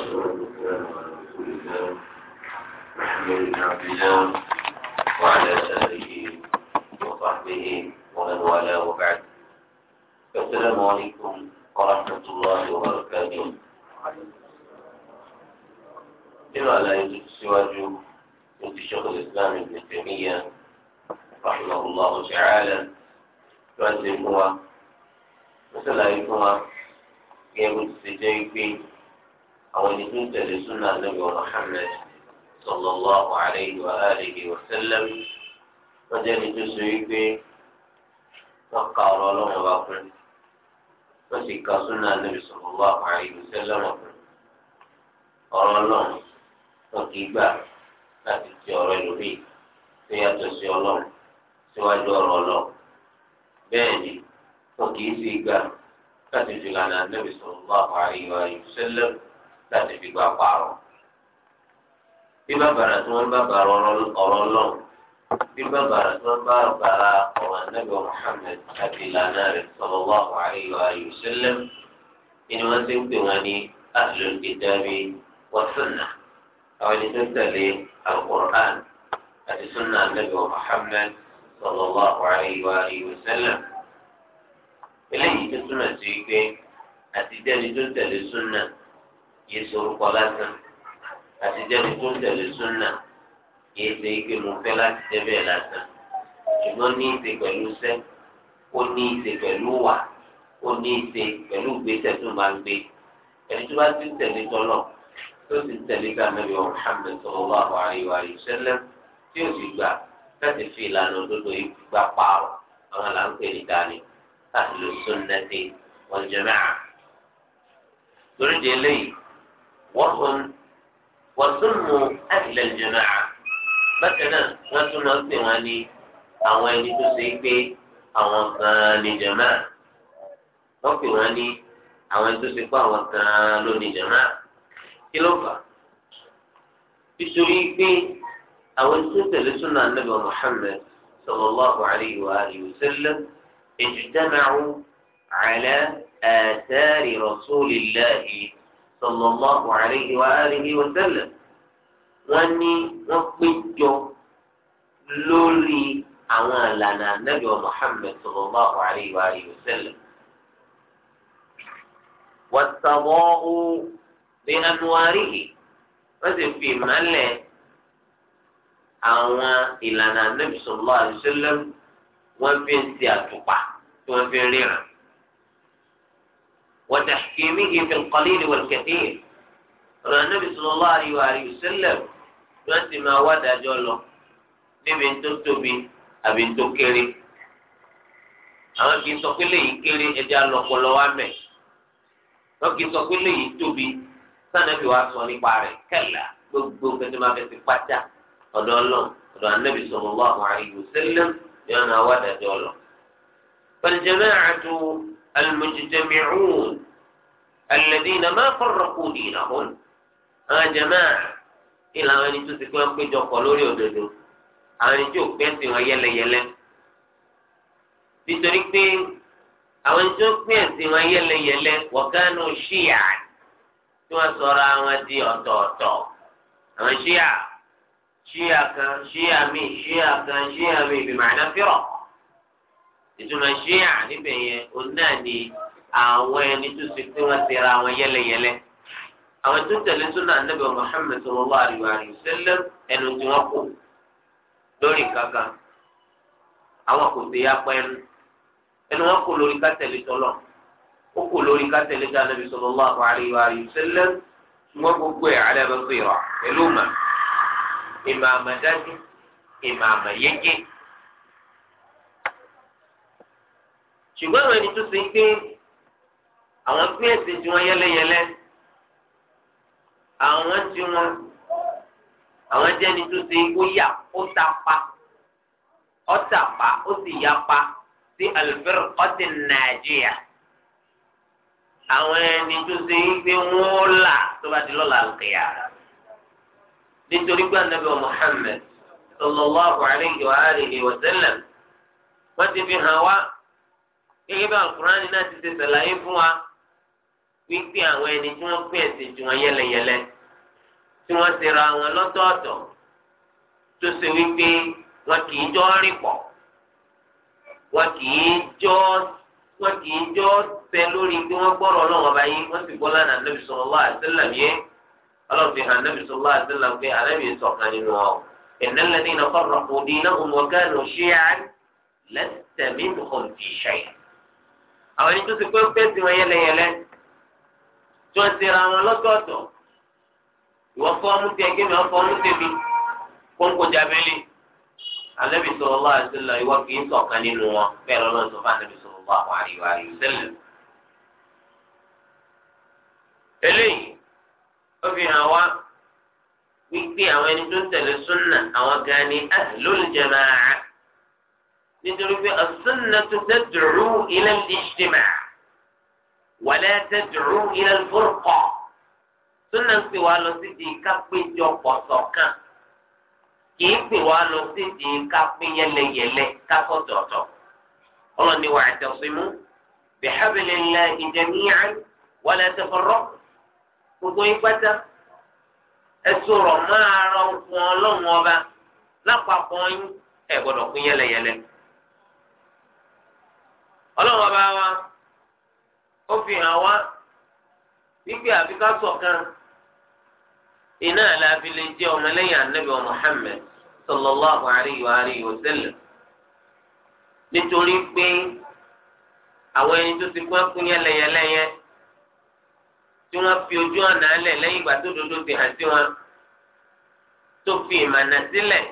والصلاة والسلام على رسول الله محمد عبد الله وعلى آله وصحبه ومن والاه وبعد السلام عليكم ورحمة الله وبركاته إلى لا يوجد سواجه قلت شيخ الإسلام ابن تيمية رحمه الله تعالى تؤذن àwọn ẹni tó ń tẹ̀lé súnà nàbì Muhammad sallallahu alayhi wa alihi wa sallam wọ́n jẹ́ ẹni tó so wípé wọ́n ka ọ̀rọ̀ ọlọ́run wa fún wọ́n sì ka súnà nàbì sallallahu alayhi wa sallam fún ọ̀rọ̀ ọlọ́run wọn kì í gbà láti ti ọ̀rọ̀ ẹlòmíì tó yàtọ̀ sí ọlọ́run síwájú ọ̀rọ̀ ọlọ́run bẹ́ẹ̀ ni wọn kì í sì gbà láti fi lànà nàbì sallallahu alayhi wa sallam láti fi gba pààrọ̀ bí bàbàrà tí wọ́n bá bàrà ọ̀rọ̀ lọ́n bí bàbàrà tí wọ́n bá bàrà ọ̀rọ̀ anábì Muhammad àti ìlànà rẹ̀ sallallahu alaihi wa sallam ni wọ́n ti ń pè wọ́n ní ahlul kitabi wa sunnah àwọn ẹni tó tẹ̀lé al-Qur'an àti sunnah anábì Muhammad sallallahu alaihi wa sallam eléyìí tó túnmọ̀ sí pé àti jẹ́ni tó tẹ̀lé sunnah yìí sorúkọ lásán àti jẹ́nu tó tẹ̀lé súnà yìí ṣe ike mo fẹ́ láti jẹ́ bẹ́ẹ̀ lásán ṣùgbọ́n ní í ṣe pẹ̀lú sẹ́ ó ní í ṣe pẹ̀lú wà ó ní í ṣe pẹ̀lú gbèsè tó máa ń gbé ẹni tó bá ti tẹ̀lé tọ́lọ̀ tó ti tẹ̀lé tànàbí Muhammad sallallahu alaihi wa sallam tí ó sì gbà láti fi ìlànà òdodo yìí pààrọ̀ àwọn là ń pè ní dání ahlu sunnati wal jama'a torí di eléyìí. وهم وسموا أهل الجماعة بكنا نتنا سواني àwọn ẹni tó ṣe pé àwọn kan ní jama wọ́n pè wọ́n ní àwọn ẹni tó ṣe pé àwọn kan ló ní jama kí ló fà nítorí pé àwọn ẹni tó tẹ̀lé súnà nàbà Muhammad sallallahu alayhi wa alihi wa sallam ijtama'u ala athari rasulillahi sallallahu alayhi wa alihi wa sallam wọ́n ní wọ́n péjọ lórí àwọn ìlànà ànábì wa Muhammad sallallahu alayhi wa alihi wa sallam. wàtàwọ́ọ́ bí anwarihi wọ́n sì fi ìmọ̀lẹ̀ àwọn ìlànà ànábì sallallahu alayhi wa sallam wọ́n fi ń ti àtùpà tí wọ́n fi ń ríran. وتحكيمه في القليل والكثير ọ̀rọ̀ níbi sọlọ́lá àríwá àríwá sẹ́lẹ̀ wọ́n ti máa wá dájọ́ lọ níbi tó tóbi àbí tó kéré àwọn kì í sọ pé léyìí kéré ẹja lọpọlọ wa mẹ́ wọ́n kì í sọ pé léyìí tóbi sànàbí wa sọ nípa rẹ̀ kẹlà gbogbo kẹtẹ máa fẹsẹ̀ pátá ọ̀dọ̀ ọlọ́run ọ̀dọ̀ ànábì sọlọ́lá àríwá sẹ́lẹ̀ ni wọ́n máa wá dájọ́ lọ. pẹ̀lú jẹ́mẹ́ àtúwò. المجتمعون الذين ما فرقوا دينهم يا جماعة إلى أن تسكوا أن قلوري ودودو أن تشوف بس ويلا يلا nítorí pé àwọn tó pín ẹ̀sìn wọn yẹlẹyẹlẹ wọ̀kánú ṣíà tí wọ́n sọ̀rọ̀ àwọn di ọ̀tọ̀ọ̀tọ̀ àwọn ṣíà ṣíà kan ṣíà míì ṣíà kan ṣíà míì bìmọ̀ àná fírọ̀ ìtumọ̀ ṣíà níbẹ̀ yẹn òun náà ni àwọn ẹni tó ṣe pé wọ́n ti ra àwọn yẹlẹyẹlẹ àwọn tó tẹ̀lé súnà anábì Muhammad sallallahu alaihi wasallam ẹnu tí wọ́n kù lórí kankan àwọn kò sí apẹ́ ẹnu ẹnu wọn kù lórí kátẹ́lé tọ́lọ̀ ó kù lórí kátẹ́lé tí anábì sallallahu alaihi wasallam wọ́n gbogbo ẹ̀ ala basira pẹ̀lú mà ìmọ̀ àmàdájú ìmọ̀ ṣùgbọ́n àwọn ẹni tó ṣe àwọn gbé ẹ̀sìn tí wọ́n yẹlẹyẹlẹ àwọn tí wọ́n àwọn jẹ́ ẹni tó ṣe ó yà ó ta pa ó ta pa ó sì ya pa sí àlùfẹ́rẹ́ ọtí nàìjíríà àwọn ẹni tó ṣe wọ́n là tó bá di lọ́la àlùkìyà nítorí pé anabi sallallahu alayhi wa sallam wọ́n ti fi hàn gẹ́gẹ́ bí alukurani náà ti ṣe ṣàlàyé fún wa wípé àwọn ẹni tí wọ́n pín ẹ̀sìn ju wọn yẹlẹyẹlẹ tí wọ́n ti ra wọn lọ́tọ̀ọ̀tọ̀ tó ṣe wípé wọn kì í jọ rìn pọ̀ wọn kì í jọ wọn kì í jọ tẹ lórí pé wọ́n gbọ́rọ̀ ọlọ́wọ́n bá yín wọ́n sì gbọ́ lánàá nàbì sallallahu alaihi wasallam yẹn ọlọ́ọ̀fin hàn nàbì sallallahu alaihi wasallam pé àrẹ́bì sọ̀kan nínú ọ innal ladhina farraqu dinahum wa kanu shi'an lasta minhum fi shay'in àwọn ẹni tó ti pé pé tiwọn yẹlẹyẹlẹ tí wọn ti ra wọn lọ́tọ̀ọ̀tọ̀ ìwọ fọọmù tiẹ kí mi fọọmù tèmi kóńkó jábẹlẹ alẹbi sọlọ lọ àti sẹlẹ ìwọ kì í ṣọ̀kan nínú wọn bẹ́ẹ̀ lọlọ sọ fún alẹbi sọlọ lọ àwọn àríwá àríwá sẹlẹ. eléyìí ó fi hàn wá wípé àwọn ẹni tó ń tẹ̀lé súnà àwọn gan ni ahlul jamaa nítorí pé as-sunnatu tad'u ila al-ijtima' wa la tad'u ila al-furqa súnà ń pè wá lọ sí di kápéjọpọ̀ ṣọ̀kan kì í pè wá lọ sí di kápé yẹlẹyẹlẹ kásọ̀tọ̀ọ̀tọ̀ ọlọ́ni wa'tasimu bihablillahi jami'an wa la tafarraqu gbogbo yín pátá ẹsùn rọ̀ máa rọ fún ọlọ́run ọba lápapọ̀ yín ẹ̀ gbọ́dọ̀ yẹlẹyẹlẹ. ọlọ́run ọba wa ó fi hàn wá wípé àfi ká ṣọ̀kan iná àlàáfi lè jẹ́ ọmọlẹ́yìn anábì muhammed sallallahu alayhi wa alayhi wa sallam nítorí pé àwọn ẹni tó ti pẹ́ kún yẹlẹyẹlẹyẹ tí wọ́n fi ojú ọ̀nà alẹ̀ lẹ́yìn ìgbà tó dodo ti hàn sí wọn fi ìmọ̀nà sílẹ̀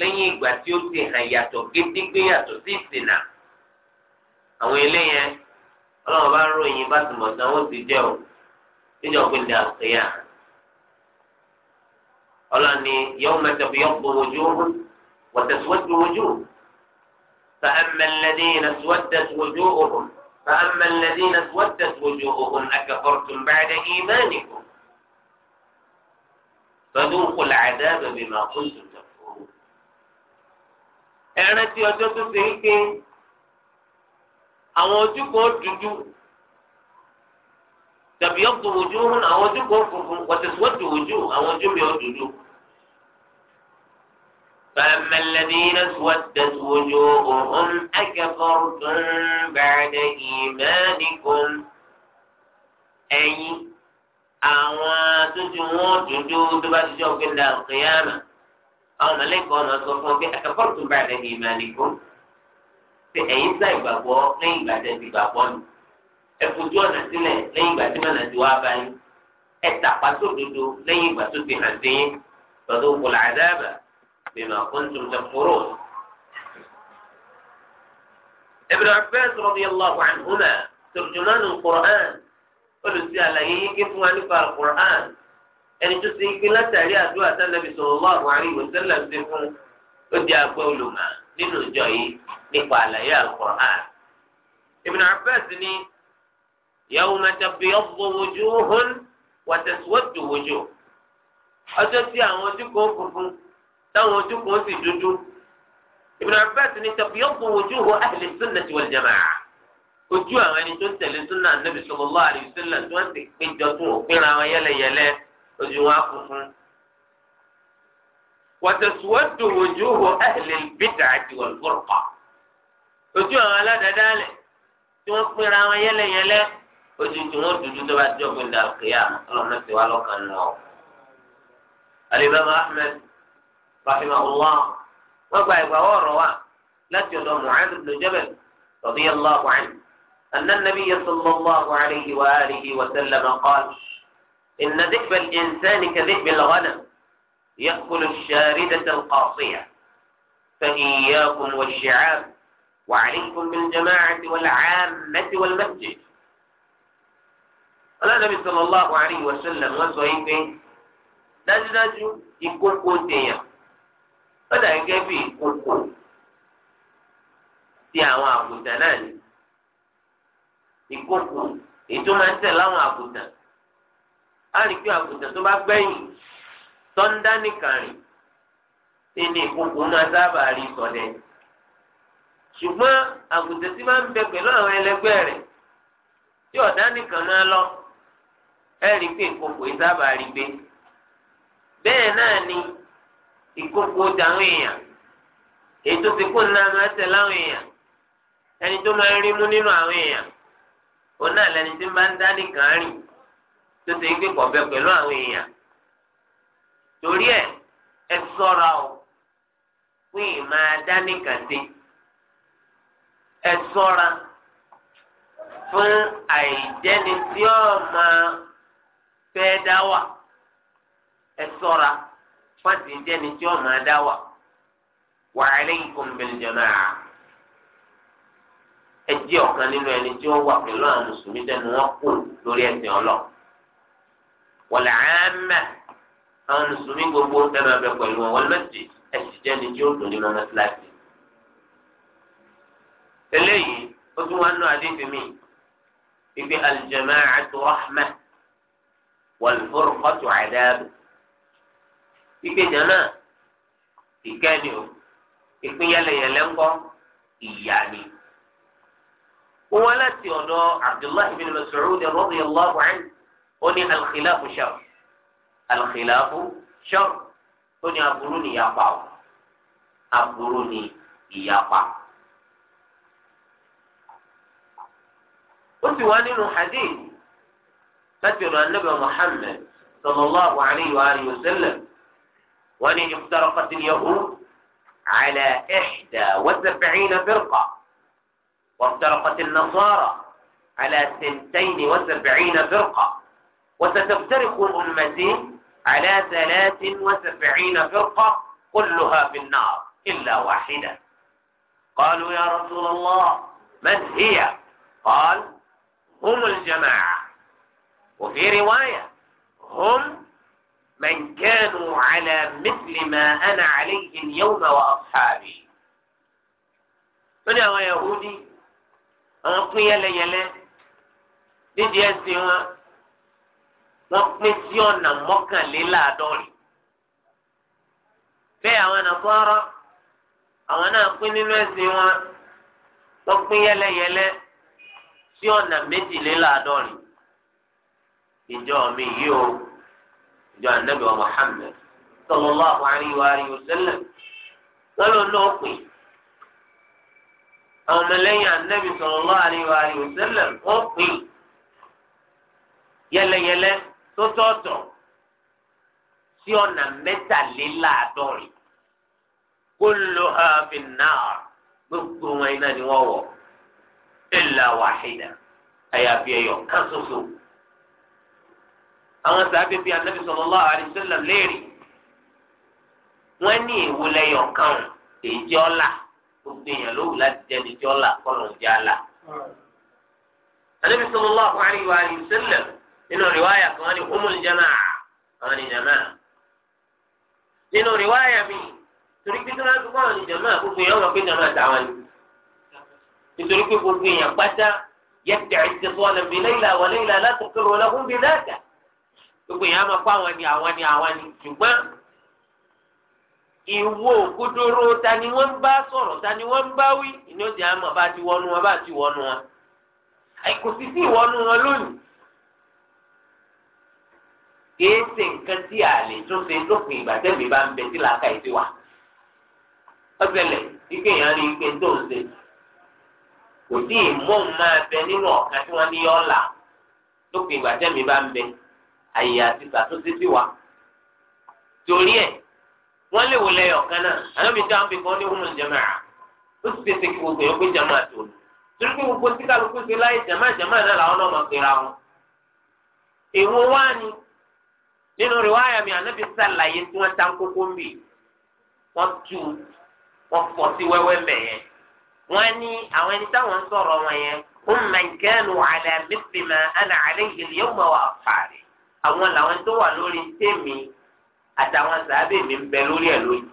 lẹ́yìn ìgbà tí ó ti hàn yàtọ̀ yàtọ̀ sí ìsìnà. àwọn eléyẹ ọlọ́run bá ròyìn bá ti mọ̀ sí àwọn òsì jẹ́ o níjọ́ gbẹ̀ndẹ̀ àkèyà ọlọ́ni yọ̀ọ́ mẹ́tẹ̀ fi yọ̀ọ́ gbọ̀wọ́jú wọ̀tẹ̀síwọ́jú wọ́jú فأما الذين اسودت وجوههم فأما الذين اسودت وجوههم أكفرتم بعد إيمانكم فذوقوا العذاب بما كنتم تكفرون ẹran tí ọjọ́ tó ṣe wípé àwọn ojú kan dúdú tàbí ọ̀pọ̀ ojú hàn àwọn ojú kan funfun wọ́tẹ̀síwọ́tẹ̀ ojú àwọn ojú mi ò dúdú. فأما الذين اسودت وجوههم أكفرتم بعد إيمانكم ẹ̀yin àwọn tó ti wọn dúdú tó bá ti jọ gbẹdà kéèyàn àwọn mọlẹkọ náà sọ fún ọ pé akẹkọọ tó bá rẹ ní ìmọ̀ nìkan pé ẹ̀yin sá ìgbàgbọ́ lẹ́yìn ìgbà tẹ̀ ti gbàgbọ́ ni ẹ fojú ọ̀nà sílẹ̀ lẹ́yìn ìgbà tí mọ̀nà ti wá bá yín ẹ tàpá sódodo lẹ́yìn ìgbà tó fi hàn sí yín lọ́dọ̀ òkùnlá àdáàbà bima kuntum takfurun. Ibn Abbas radiyallahu anhuma turjuman al-Qur'an olùsí àlàyé yín ké fún wa nípa al-Qur'an ẹni tó ti ń pín látàrí àdúrà tánàbì sallallahu alaihi wa sallam ti fún ó di àgbẹ̀ olùmọ̀ọ́. nínú ìjọ yìí nípa àlàyé al-Qur'an. Ibn Abbas ni yawma tabyaddu wujuhun wa taswaddu wujuh. ọjọ́ tí àwọn ojú kan funfun táwọn ojú kan sì dúdú. Ibn Abbas ni tabyaddu wujuhu ahli sunnati wal jama'ah ojú àwọn ẹni tó ń tẹ̀lé súnà Nabi sallallahu alaihi tí wọ́n ti péjọ tó ń pínra وتسود وجوه أهل البدعة والفرقة ojú àwọn aládàáda lẹ tí wọn pera wọn yẹlẹyẹlẹ ojú tí wọn dúdú tó bá jọ gbẹndà kéya ọlọ́run ti wá lọ́kàn nù ọ. alimami ahmed rahimahullah wọn gba ìgbà wọrọ wa láti ọ̀dọ̀ muhammed bin jabal radiyallahu anhu anna nabiyya sallallahu alayhi wa alihi wa sallam qaal inna dikbal insani ka dikbal ghanam. يأكل الشاردة القاصية فإياكم والشعاب وعليكم بالجماعة والعامة والمسجد النبي صلى الله عليه وسلم وصحبه dájúdájú ìkókó tèèyàn ó dà gẹ́gẹ́ bí ìkókó ti àwọn àgùntàn náà ni ìkókó ètò máa ń tẹ̀ láwọn àgùntàn á rí i pé àgùntàn tó bá gbẹ̀yìn tọ́ndá nìkan tí ní ìkókò náà sábà rí sọdẹ ṣùgbọ́n àgùntàn tí máa ń bẹ pẹ̀lú àwọn ẹlẹgbẹ́ rẹ̀ tí ọ̀dá nìkan lọ ẹ rí pé ìkókò yìí sábà rí gbé bẹ́ẹ̀ náà ni ìkókò dáhùn èèyàn èyí tó ti kó náà máa láwọn èèyàn ẹni tó máa ń rí mú nínú àwọn èèyàn òun náà lẹni tí máa ń dá nìkan rìn tó ti gbé pọ̀ bẹ pẹ̀lú àwọn èèyàn torí ẹ ẹ o fún ìmọ̀ adánìkàndé ẹ ṣọ́ra fún àìjẹni tí ó máa fẹ́ dá wà ẹ fún àtìjẹni tí ó máa dá wà wa alaykum bil à ẹ jẹ́ ọ̀kan nínú ẹni tí ó wà pẹ̀lú àwọn mùsùlùmí wọn kù lórí àwọn mùsùlùmí gbogbo ẹ máa bẹ pẹ̀lú wọn wọ́n mẹ́sì ẹ sì jẹ́ ni tí ó dùn nínú mẹ́sàlásì. eléyìí ó tún wá nù àdéhùn mi ibi al-jama'atu rahmah wal-furqatu 'adab ìgbéjà náà ìkẹ́ni o ìpínyẹlẹyẹlẹ ńkọ́ ìyá ni. wọ́n wá láti ọ̀dọ̀ Abdullahi bin Mas'ud radiyallahu anhu ó ní al-khilafu sharr. alxilafu ṣọ́ọ̀ ó ní aburú ní ìyapa o aburú ní ìyapa. ó sì wá nínú hadith láti ọ̀dọ̀ anábì muhammed sallallahu alayhi wa alihi wa sallam wọ́n ní iftaraqat al-yahud ala ihda wa sab'ina firqa waftaraqat an-nasara ala sintayn wa sab'ina firqa وستفترق أمتي على ثلاث وسبعين فرقة كلها في النار إلا واحدة قالوا يا رسول الله من هي قال هم الجماعة وفي رواية هم من كانوا على مثل ما أنا عليه اليوم وأصحابي من هو يهودي أنا يلي يلي دي دي wọ́n pín sí ọ̀nà mọ́kànléláàádọ́rin. bẹ́ẹ̀ àwọn nàkọ́rọ́ àwọn náà pín nínú ẹ̀sìn wọn wọ́n pín yẹ́lẹ́yẹ́lẹ́ sí ọ̀nà méjìléláàádọ́rin. ìjọ mi yìí o ìjọ ànábì wa Muhammad sallallahu alaihi wa alihi wa sallam lọ́lọ́ náà pín àwọn ọmọlẹ́yìn ànábì sallallahu alaihi wa alihi wa sallam wọ́n pín tó tọ̀tọ̀ sí ọ̀nà mẹ́tàléláàádọ́rin ha fin nar gbogbo wọn iná ni wọ́n wọ̀ wahida àyàfi ẹ̀yọ̀ kan ṣoṣo. àwọn sàbẹ̀ bíi anabi sallallahu alaihi wasallam léèrè wọ́n ní kan èyí jẹ́ gbogbo èèyàn ló wù láti jẹ́ni jẹ́ ọ̀la kọ́lọ̀ jẹ́ hmm. àlà. anabi nínú rìwáyà kan wọ́n ní umul jamaa àwọn ni jamaa nínú rìwáyà mi torí pé tí wọ́n ti kọ́ àwọn ni jamaa gbogbo yẹn wọ́n pé jamaa táwọn ni nítorí pé gbogbo yẹn pátá yẹtẹ ìtẹsọlẹ bi lẹyìnlá wà lẹyìnlá láti kéré wọn lọkùn bí dáadáa gbogbo yẹn a máa kó àwọn ni àwọn ni àwọn ni ṣùgbọ́n ìwọ òkodoro ta ni wọ́n bá sọ̀rọ̀ ta ni wọ́n bá wí ìní òjì àmọ́ bá ti wọnú wọn bá ti wọnú wọn àìkò sí sí ìwọnú wọn lónìí kìí ṣe nǹkan tí a lè tún ṣe lópin ìgbà tẹ́mi bá ń bẹ sí làákà ìdí wa. ọ̀sẹ̀lẹ̀ ike yẹn rí ike tó ń ṣe. kò tí ì mú un máa bẹ nínú ọ̀kan tí wọ́n ní yọ ọ̀la lópin ìgbà tẹ́mi bá ń bẹ àyè àti ṣàtúnṣe sí wa. torí ẹ̀ wọ́n lè wò lẹ́yọ̀ kan náà àlọ́bí tí wọ́n fi kọ́ ní húnú jẹ́mọ̀ à ó sì ṣe kí gbogbo yẹn pé jẹ́mọ̀ àtò torí pé gbogbo tí kálukú ṣe láyé jẹ́mọ̀ jẹ́mọ̀ náà làwọn náà mọ̀ pé ra wọn. èwo wá ni nínú riwaya mi ànábi sàlàyé tí wọ́n ta kókó ń bì wọ́n tu wọ́n pọ̀ sí wẹ́wẹ́ mẹ́yẹn wọ́n ní àwọn ẹni táwọn ń sọ̀rọ̀ wọn yẹn wọ́n man kanu ala mithli ma ana alayhi al-yawma wa àwọn làwọn tó wà lórí tèmi àtàwọn sàábè mi ń bẹ lórí ẹ̀ lónìí.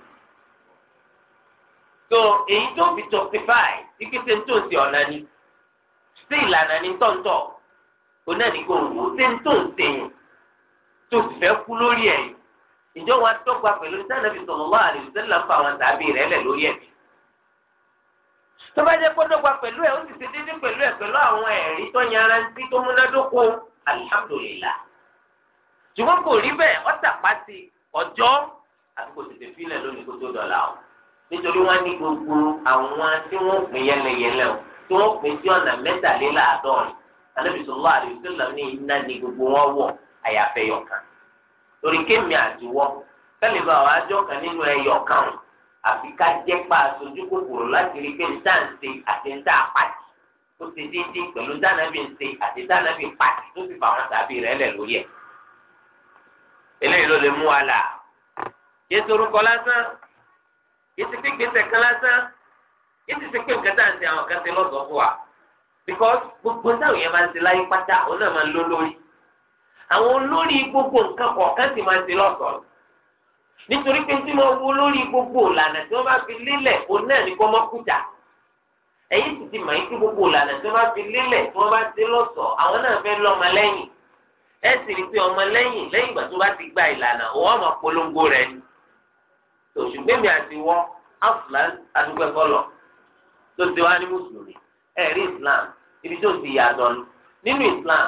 so èyí tó fi justify ìkété tó ń ṣe ọ̀nà ni sí ìlànà ni tọ̀ntọ̀ onáníkò wò tó fẹ́ kú lórí ẹ̀ ìjọ wa dọ́gba pẹ̀lú sanabi sallallahu alaihi wasallam fún àwọn tàbí rẹ̀ lẹ̀ lórí ẹ̀ tó bá jẹ́ kó dọ́gba pẹ̀lú ẹ̀ ó sì ṣe déédéé pẹ̀lú ẹ̀ pẹ̀lú àwọn ẹ̀rí tó yanrantí tó múnádóko alihamudulila ṣùgbọ́n kò rí bẹ́ẹ̀ ọ̀tà pàṣẹ ọjọ́ àti kò tètè fílẹ̀ lónìí kó tó dọ̀là o nítorí wọ́n ní gbogbo àwọn tí wọ́n pín yẹlẹyẹlẹ o tí wọ́n pín sí ọ̀nà mẹ́tàléláàádọ́rin anábìsọ̀lá àdìsílẹ̀ ní àyàfẹ́ yọ̀kan lórí kémi àtiwọ́ kẹ́lẹ́ bá wàá jọ̀kan nínú ẹ̀yọ̀kan àfi ká jẹ́ pa aṣojú kòkòrò láti rí pé nta ń ṣe àti nta pàtì ó ti díndín pẹ̀lú dánàbì ń ṣe àti dánàbì pàtì tó sì fà wọn tàbí rẹ̀ lẹ̀ lórí ẹ̀ eléyìí ló lè mú wa là yéé torúkọ lásán yéé ti pín gbèsè kan lásán yéé ti ti pín nǹkan tá à ń ṣe àwọn kan ṣe lọ́sọ̀ọ́ fún wa because gbogbo táwọn yẹn máa ń ṣe láyé pátá òun náà máa ń lólórí àwọn olórí gbogbo nǹkan kọ̀ọ̀kan sì máa ṣe lọ́sọ̀ọ́ nítorí pé tí mo wo lórí gbogbo ìlànà tí wọ́n bá fi lélẹ̀ òun náà ní kó mọ́ kùtà ẹ̀yìn sì ti mọ̀ ní kí gbogbo ìlànà tí wọ́n bá fi lélẹ̀ tí wọ́n bá ṣe lọ́sọ̀ọ́ àwọn náà fẹ́ lọ́mọ lẹ́yìn ẹ sì rí pé ọmọ lẹ́yìn lẹ́yìn ìgbà tó bá ti gba ìlànà òun ọmọ polongo rẹ̀ ni òṣùgbẹ́mi àti wọ́ afúlá adúgbò kọlọ̀ tó ti wá ní Islam ibi tó ti yàtọ̀ nínú Islam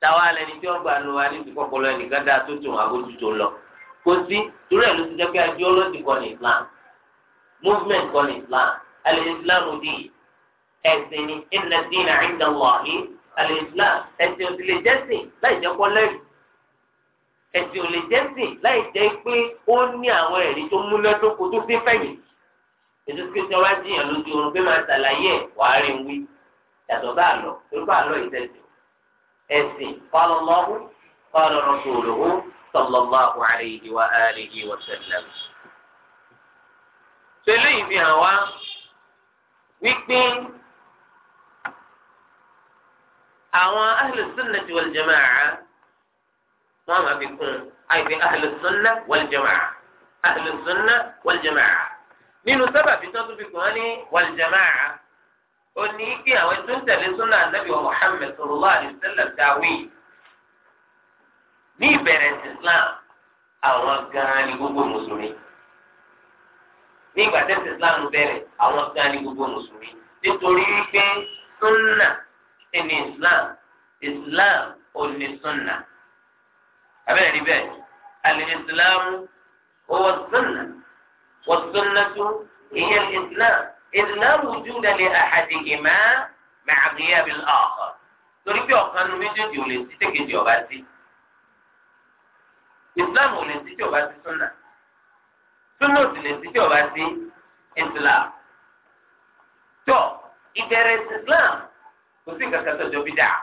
táwa lẹni tí wọn gbà nù wa níbi kọkọlọ ẹnìkan dáa tó tún àbójú tó lọ kò sí torí ẹ ló ti jẹ pé ideology kọ́ ní Islam movement kọ́ ní Islam al-Islam di ẹsìn ní inna ad-dina 'inda Allahi al-Islam ẹsìn òsì lè jẹsìn láì jẹ kọlẹrì ẹsìn ò lè jẹsìn láì jẹ pé ó ní àwọn ẹrí tó múnádóko tó fi fẹ̀yìn ètò tí wọn bá jiyàn lójú oorun pé máa ṣàlàyé ẹ wàá rí wí yàtọ̀ bá a lọ torí bá a lọ ìtẹ̀sìn. اثنين قال الله قال رسوله صلى الله عليه وآله وسلم سليم في هوا ويكبين أو أهل السنة والجماعة ما ما بيكون أي في أهل السنة والجماعة أهل السنة والجماعة من سبب تطبيق هذه والجماعة ó ní kí àwọn tó ń tẹ̀lé súnà ànábì wa Muhammad sallallahu alaihi wasallam dáwé ní ìbẹ̀rẹ̀ Islam àwọn gan-an ni gbogbo mùsùlùmí ní ìgbà tẹ́sí Islam bẹ̀rẹ̀ àwọn gan-an ni gbogbo mùsùlùmí nítorí wípé súnà ẹni Islam Islam ò ní súnà abẹ́rẹ́ níbẹ̀ al-Islam huwa súnà wọ́n súnà tó ìyẹn Islam. إلا وجود لأحدهما مع غياب الآخر torí pé ọ̀kan nu méjèèjì ò lè sí tẹ́kẹ̀jì ọba sí Islam ò lè sí tí ọba sí súnà súnà ò sì lè sí tí ọba sí Islam tó ìbẹ̀rẹ̀ Islam kò sí nǹkan kan tọ́jọ́ bí dáa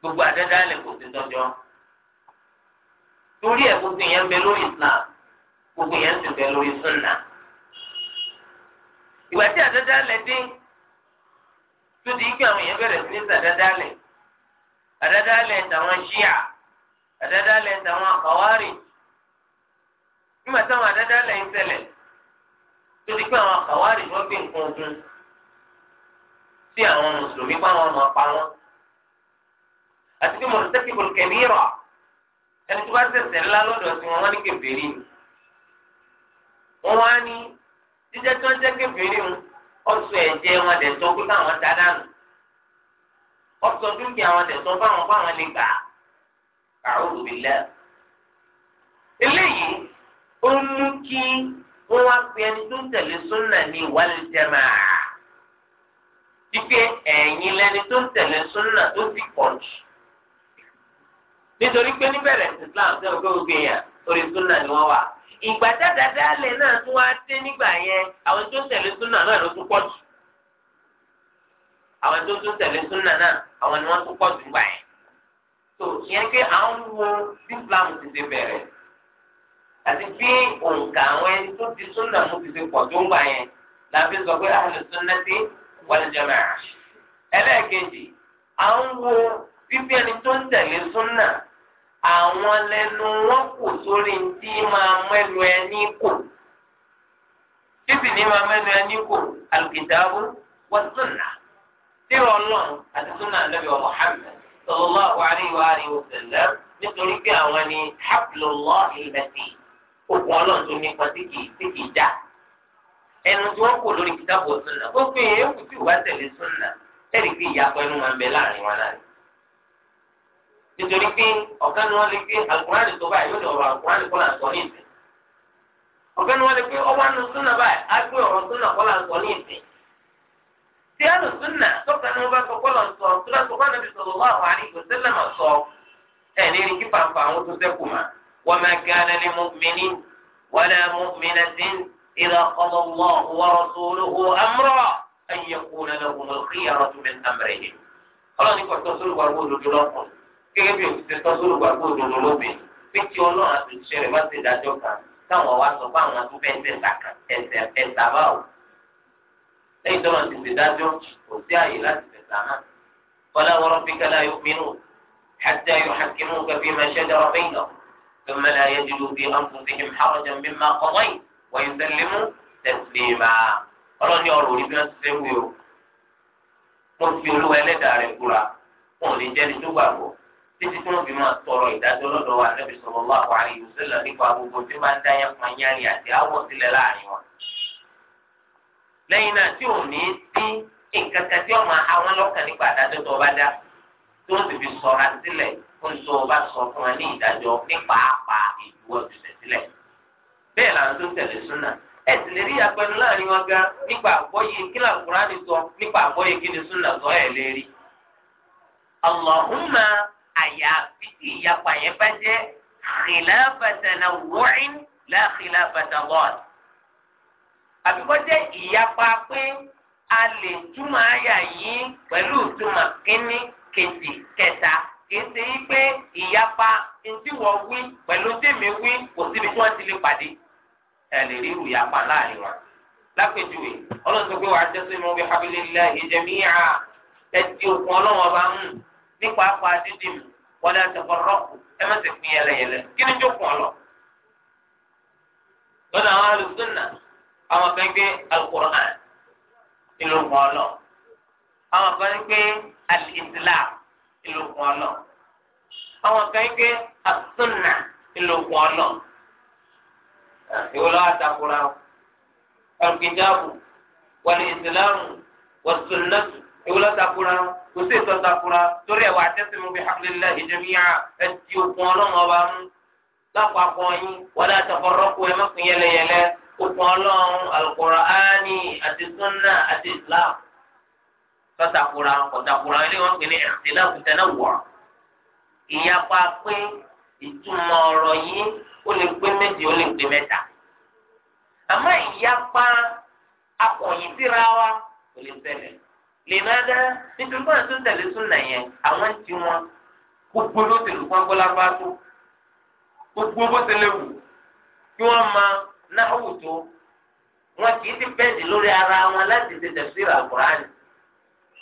gbogbo àdáda lè kò sí tọ́jọ́ torí ẹ̀ gbogbo yẹn bẹ lórí Islam gbogbo yẹn ń bẹ lórí súnà ìwà tí àdáda lẹ dé tó di ikú àwọn èèyàn bẹ̀rẹ̀ sí ní sàdáda lẹ àdáda lẹ tàwọn ṣíà àdáda lẹ tàwọn àkàwárì nígbà táwọn àdáda lẹ ń ṣẹlẹ̀ tó di ikú àwọn àkàwárì wọn gbé nǹkan ogun sí àwọn mùsùlùmí pa wọn máa pa wọn àti pé mọ̀lẹ́sẹ̀kì kò kẹ̀mí rà ẹni tó bá ṣẹ̀ṣẹ̀ ńlá lọ́dọ̀ sí wọn wọn ní kébèrè ni wọn wá ní. jíjẹ́ tí wọ́n jẹ́ kébìrì ń ọ̀sọ̀ ẹ̀jẹ̀ wọn dẹ̀ sọ pé káwọn ta dànù ọ̀sọ̀ dúkìá wọn sọ fáwọn fáwọn lè gbà eléyìí ó mú kí wọn wá pe ẹni tó ń tẹ̀lé súnà ní wal jamaa wípé ẹ̀yìn lẹni tó ń tẹ̀lé súnà tó ti pọ̀ jù nítorí pé níbẹ̀rẹ̀ ìgbà dáadáa dálẹ̀ náà tún wá dé nígbà yẹn àwọn tó ń tẹ̀lé súnà náà ló tún pọ̀ jù àwọn tó tún tẹ̀lé súnà náà àwọn ni wọ́n tún pọ̀ jù gbà yẹn tó yẹn pé àwọn wo bí Islam ti ṣe bẹ̀rẹ̀ àti bí òǹkà àwọn ẹni tó ti súnà mú ti ṣe pọ̀ tó ń gbà yẹn làbí sọ pé àlè súnà sí wal jamaa ẹlẹ́ẹ̀kejì àwọn wo bíbí ẹni tó ń tẹ̀lé súnà àwọn lẹnu wọn kò sórí ntí máa mẹnu ẹni kò títí ní máa mẹnu ẹni kò alùpùpù wọn sunna àti sunna nàbí wa nítorí pé àwọn ni hablullah ilmẹsì okùn Ọlọ́run tó nípa tí kìí tí kìí já ẹnu tí wọn kò lórí kìtàbù sunna ó fi èyí kùtù sunna pé ìyàpọ̀ ẹnu máa ń bẹ nítorí pé ọ̀gá ni wọ́n lè gbé alukurani tó báyìí yóò lè ọ̀rọ̀ alukurani kọ́ là ń sọ ní ìsìn ọ̀gá ni wọ́n lè gbé ọwọ́ nu súnà báyìí á gbé ọ̀rọ̀ súnà kọ́ là ń sọ ní ìsìn tí a lù súnà tọ́ka ni wọ́n bá sọ kọ́ sọ tó bá sọ kọ́ nàbí sọ̀rọ̀ wá àwọn àríkò sẹ́lẹ̀ mà sọ ẹ̀ ní ní kí fanfa àwọn tó sẹ́kù mà wọ́n máa gé alẹ́ ní mọ́mìnì wọ́n á mọ́mìnì ọlọ́run kò tó sórí wàrúwò lójú gẹ́gẹ́ bí òkúté tọ́sọ́rọ̀ gbàgbọ́ òdodo lóbi pé tí ọlọ́run àti òṣìṣẹ́ rẹ̀ bá ti dájọ́ kan táwọn wá sọ fún àwọn atúfẹ́ ẹ̀sẹ̀ ẹ̀sà báwò lẹ́yìn tọ́lọ́ ti ti dájọ́ kò sí àyè láti fẹ̀sà hàn wala wa rabbika la yu'minun hatta yuhakkimuka fima shajara baynahum thumma la ọlọ́ni ọ̀rọ̀ orí bí wọ́n ti fẹ́ wí o mo fi olúwa ẹlẹ́dàá rẹ̀ kúra wọn ò jẹ́ni tó gbàgbọ́ títí tí wọ́n fi máa tọrọ ìdájọ́ lọ́dọ̀ wa Ànábì sallallahu alaihi wasallam nípa gbogbo tí máa ń dáyà fún àti àwọ̀ sílẹ̀ láàrin wọn. lẹ́yìn náà tí ò ní sí nǹkan kan tí ọmọ àwọn lọ́kàn nípa àdájọ́ tó bá dá sì fi tó bá sọ fún wa ní àyàfi tí ìyapa yẹn bá jẹ́ khilafata naw'in la khilafata bọ́ọ̀d. àbíkọ́ jẹ́ ìyapa pé a lè túmọ̀ àyà yìí pẹ̀lú ìtumọ̀ kínní kejì kẹta kìí ṣe yí pé ìyapa ntí wọ́n wí pẹ̀lú tèmi wí kò síbi tí wọ́n ti lè pàdé ẹ̀ lè rí ìyapa láàrin wọn. lápèjúwe ọlọ́run tó gbé wàá jẹ́ sínú bí ẹ̀ ti òkun ọlọ́run ọba ń nípa apá dídì mú wọlé àtẹkọrọ ẹ má ti pín yẹlẹyẹlẹ kí ni jókòó ọ lọ. lọ́dọ̀ àwọn alùsùnà àwọn kan gbé alukur'an ìlú kan lọ àwọn kan gbé alìsílám ìlú kan lọ àwọn kan gbé asùnà ìlú kan lọ. ìwọ lọ́wọ́ àtàkùrọ̀ alùpùpù wọlé ìsìlámù wọ́n sùn náà èwo lọ́takura kò sí ètò ọ̀takura torí ẹ̀wà àtẹ́sìmù bí hablillah ìjẹ̀míyà ẹtì òkun ọlọ́run ọba mú lápapọ̀ yín wala tafarraqu ẹ̀ mọ́kùn yẹlẹyẹlẹ òkun ọlọ́run al-Qur'ani àti sunna àti islam tọ́takura kọ̀takura ilé wọn pè ní ikhtilafu tanawwu' ìyapa pé ìtumọ̀ ọ̀rọ̀ yìí ó lè pé méjì ó lè pé mẹ́ta àmọ́ ìyapa akọ̀yìn síra wa kò lè ṣẹlẹ̀ lèmẹ́dá nítorí wọn tó ń tẹ̀lé súnà yẹn àwọn ń wọn gbogbo ló ti lùkọ́ gbọ́lápá tó gbogbo bó ti kí ma náwó tó wọn kì í ti bẹ́ẹ̀dì lórí ara wọn láti ṣe tẹ̀síra àkùránì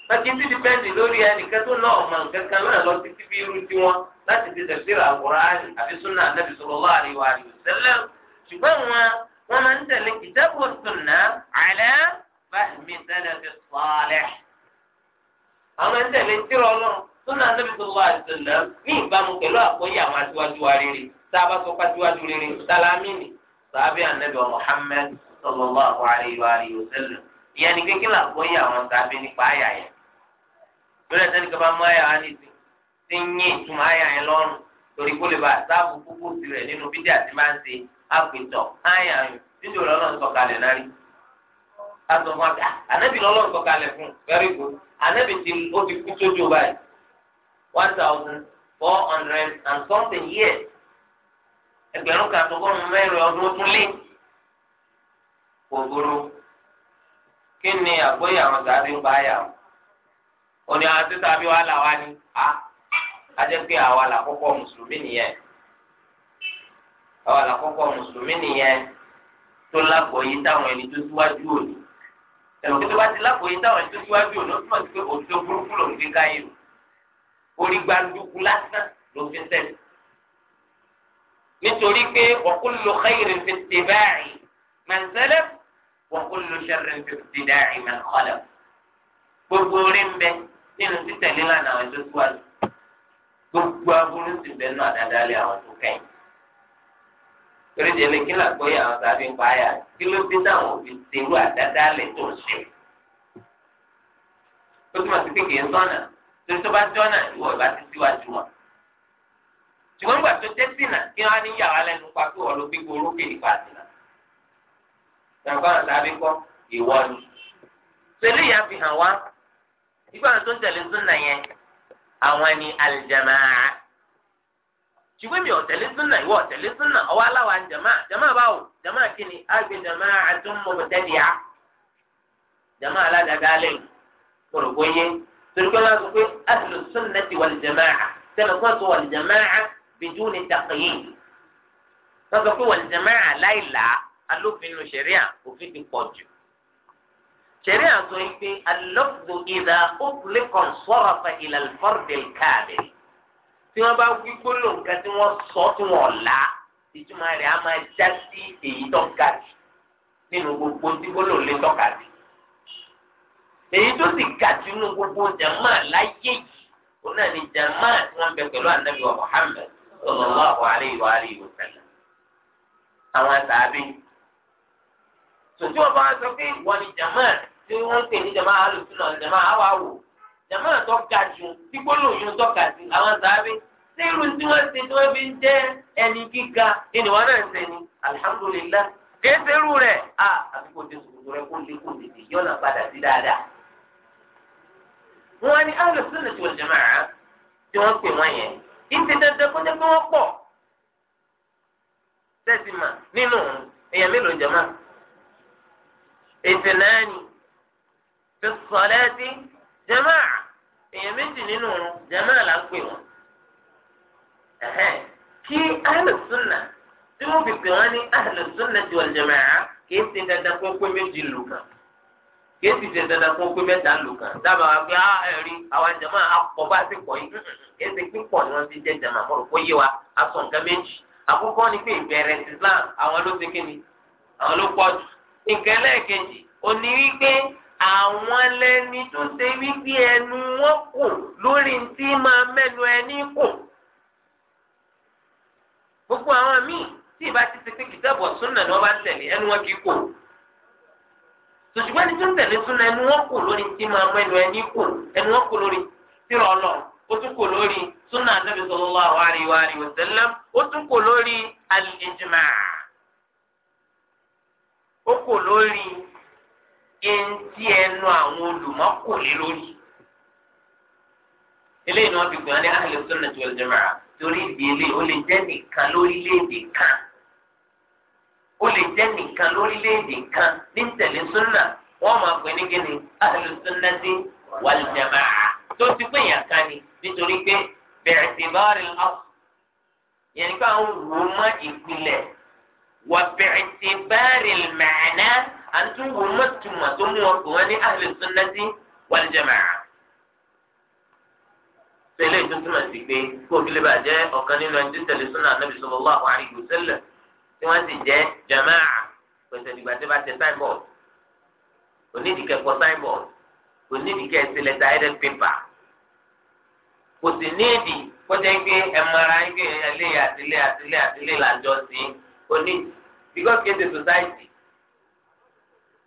wọn kì í ti di bẹ́ẹ̀dì lórí ẹnìkan tó náà ọmọ nǹkan kan náà lọ títí bí irú tiwọn láti ṣe tẹ̀síra àkùránì àbí súnà ànábì sallallahu àwọn máa ń tẹ̀lé tírà ọlọ́run tó náà níbi tó wà àtẹlẹ ní ìbámu pẹ̀lú àkóyè àwọn aṣíwájú wa rere tá a bá sọ pàṣíwájú rere sálámìnì sàbí ànábì Muhammad sallallahu alaihi wa alihi wasallam ìyẹn ni kékeré àkóyè àwọn sàbí nípa àyà yẹn lórí ẹsẹ ní kaba mú àyà wa ní ti ti ń yín ìtumọ̀ àyà yẹn lọ́rùn torí kó lè bá àtàbù kátó fún akẹ́ ah, ànábì lọ́lọ́run kọ́ kalẹ̀ fún very good ànábì ti ó ti kú sójú báyìí one thousand four hundred and something years ẹgbẹ̀rún kan àtọ́gọ́rùn-ún mẹ́rin ọdún tún lé kòkòrò kí ni àgbóyè àwọn tàbí ń bá yà ó òní àwọn tí tàbí wà là wá ní a ajẹ́ pé àwa là kọ́kọ́ mùsùlùmí nìyẹn àwa là kọ́kọ́ mùsùlùmí nìyẹn tó lágbọ̀ọ́yé táwọn ẹni tó síwájú òní ẹ̀wọ̀n kíkọ́ bá ti lápòye táwọn ẹni tó síwájú òun ló túmọ̀ sí pé òdodo burúkú lòún fi káyé o orí gbanduku lásán ló fi sẹ́nu nítorí pé wa kullu khairin fi ittiba'i man salaf wa kullu sharrin fi ibtida'i man khalaf gbogbo orí ń bẹ nínú títẹ̀lé lánàá ẹni tó síwájú gbogbo aburú sì bẹ́ẹ̀ náà dáadáa lé àwọn tó kẹ́yìn torí di ẹni kílà pé àwọn sábẹ́ ń payà kí ló dé táwọn òbí tẹ̀rù àdáda lẹ̀ tó ń ṣe. ó túmọ̀ sí pé kì í sọ́nà torí tó bá jọ́nà ìwọ ìbá ti síwájú wọn. ṣùgbọ́n nígbà tó jẹ́ sínà kí wọ́n á ní yàrá lẹ́nu pa pé wọ́n ló gbégbó orókè nípa àtìlá. ìyàgbọ́n àwọn sábẹ́ kọ́ ìwọ ni. pẹ̀lú ìyá fi hàn wá nígbà tó ń tẹ̀lé súnà yẹn àwọn ni alìjàmáà ṣùgbọ́n mi ọ̀tẹ̀lé súnà ìwọ ọ̀tẹ̀lé súnà ọwọ́ aláwa ń jama jama báwo jama kíni àgbè jama àti mọ̀tẹ́dìá jama aládàáda lẹ́yìn kòròkó yé torí pé wọ́n sọ pé àtìlù súnà ti wàlì jama sẹ́nu kó sọ wàlì jama bìjú ni dàkìyìn wọ́n sọ pé wàlì jama láìla alófin nu òfin ti pọ̀ jù sẹ̀ríà sọ pé alọ́fù ìdá ó kulé kọ̀ǹsọ́rọ̀ fa ìlàlfọ́rẹ̀dẹ̀l káàbẹ̀rẹ̀. tí wọ́n bá wí gbólóhùn nǹkan tí wọ́n sọ tí wọ́n là ìtumọ̀ rẹ̀ á máa já sí èyí tọ́ka jù nínú gbogbo tí gbólóhùn lè tọ́ka jù èyí tó sì ga jù nínú gbogbo jàmá láyé yìí ó náà ní jàmá tí wọ́n bẹ wa àwọn àtàbí sọ pé jàmá tí ń pè jàmọ́ àtọ́ ga jù tí gbólóyún tọ́ ga jù àwọn sàábé ṣé irú tí wọ́n ṣe tí wọ́n fi ń jẹ́ ẹni gíga ẹni wọn náà ṣe ni alhamdulillah kìí ṣe irú rẹ̀ a àti kò jésù kò rẹ̀ kó lé kó tètè yọ̀nà padà sí dáadáa. wọ́n ní àwọn ìṣẹ̀lẹ̀ tí wọ́n jẹ máa tí wọ́n pè wọ́n yẹn kì dandan kó jẹ́ pé wọ́n pọ̀ sẹ́sì nínú èèyàn mélòó jẹ máa náà ni fi sọ̀lẹ́ sí jẹ máa. èèyàn méjì nínú òun jàmáà là ń pè wọn kí ahlùsùnà tí wọn fi pè wọn ní ti kìí dandan kó pé méjì lù kàn kìí dandan kó pé lù kàn dábàá pé ah, ẹrí àwọn akọ bá ti yìí kìí ni wọ́n ti jẹ́ jàmáà mọ́rò kó yé wa aṣọ nǹkan méjì ni pé Islam àwọn ló ti àwọn lẹni tó ṣe wípé ẹnu wọn kù lórí ntí máa mẹ́nu ẹni kù gbogbo àwọn míì tí ìbá ti ṣe pé kìtàbù súnà ni wọ́n bá tẹ̀lé ẹnu wọn kì í kù tòṣùgbọ́n ní tó ń tẹ̀lé súnà ẹnu wọn kù lórí ntí máa ẹni ẹnu wọn kù lórí ọlọ ó tún kù lórí eŋti ẹnu àwọn olùmọ́kò lé lórí. eléyìí ni wọ́n fi gbìyànjú ahlu sunnah wal jamaa torí ìdí eléyìí ó lè jẹ́ nìkan lórílẹ̀‐èdè kan ó lè jẹ́ nìkan lórílẹ̀‐èdè kan ní tẹ̀lé súnà wọ́n máa pè ní kíni ahlu sunnah wal jamaa tó ti pé yàn kan ni nítorí pé bẹ̀rẹ̀ sí báárì lọ́sùn yẹn ní wò ó mọ ìpìlẹ̀ wà bẹ̀rẹ̀ sí báárì mẹ́ẹ̀ẹ́ àti wò má tuma tó mú wọn kò wọn ní ahli sunnati wal jamaa. sẹ́lẹ̀ tó túmọ̀ sí pé kó o fi lè bàjẹ́ ọ̀kan nínú ẹni tó tẹ̀lé súnà anábì sallallahu alaihi wasallam tí wọ́n ti jẹ́ jamaa pẹ̀sẹ̀ ìgbà tí wọ́n ti signboard onídìkẹ́ kọ signboard onídìkẹ́ ìsẹ̀lẹ̀ direct paper kò sì níìdì kọjá pé ẹ ẹgbẹ́ ẹlẹ́yà àtìlẹ́ àtìlẹ́ àtìlẹ́ làjọ sí oní because kí society